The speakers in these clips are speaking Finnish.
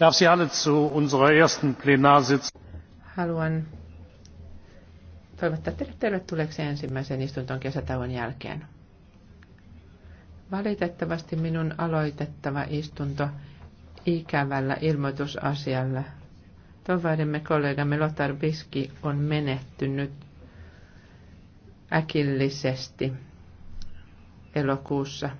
darf Sie alle zu unserer ersten Plenarsitzung. Haluan toivottaa teidät tervetulleeksi ensimmäiseen istuntoon kesätauon jälkeen. Valitettavasti minun aloitettava istunto ikävällä ilmoitusasialla. Tovarimme kollegamme Lothar Biski on menehtynyt äkillisesti elokuussa.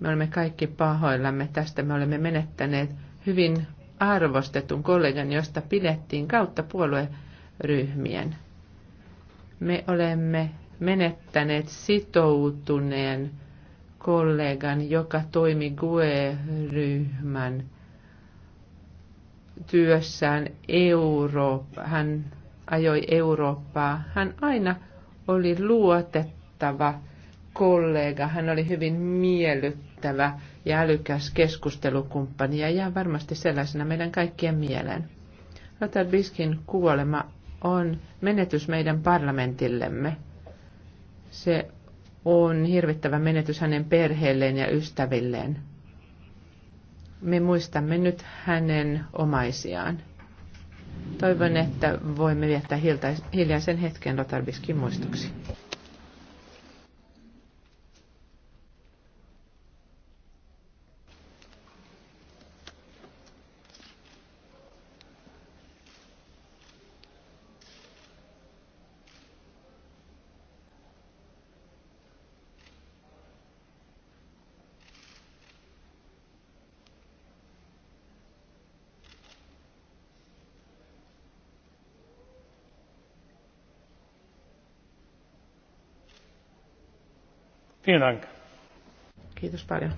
Me olemme kaikki pahoillamme tästä. Me olemme menettäneet hyvin arvostetun kollegan, josta pidettiin kautta puolueryhmien. Me olemme menettäneet sitoutuneen kollegan, joka toimi GUE-ryhmän työssään Eurooppa. Hän ajoi Eurooppaa. Hän aina oli luotettava kollega. Hän oli hyvin miellyttävä ja älykäs keskustelukumppani ja jää varmasti sellaisena meidän kaikkien mieleen. Lothar Biskin kuolema on menetys meidän parlamentillemme. Se on hirvittävä menetys hänen perheelleen ja ystävilleen. Me muistamme nyt hänen omaisiaan. Toivon, että voimme viettää hiljaisen hetken Lothar Biskin muistoksi. Kiitos paljon.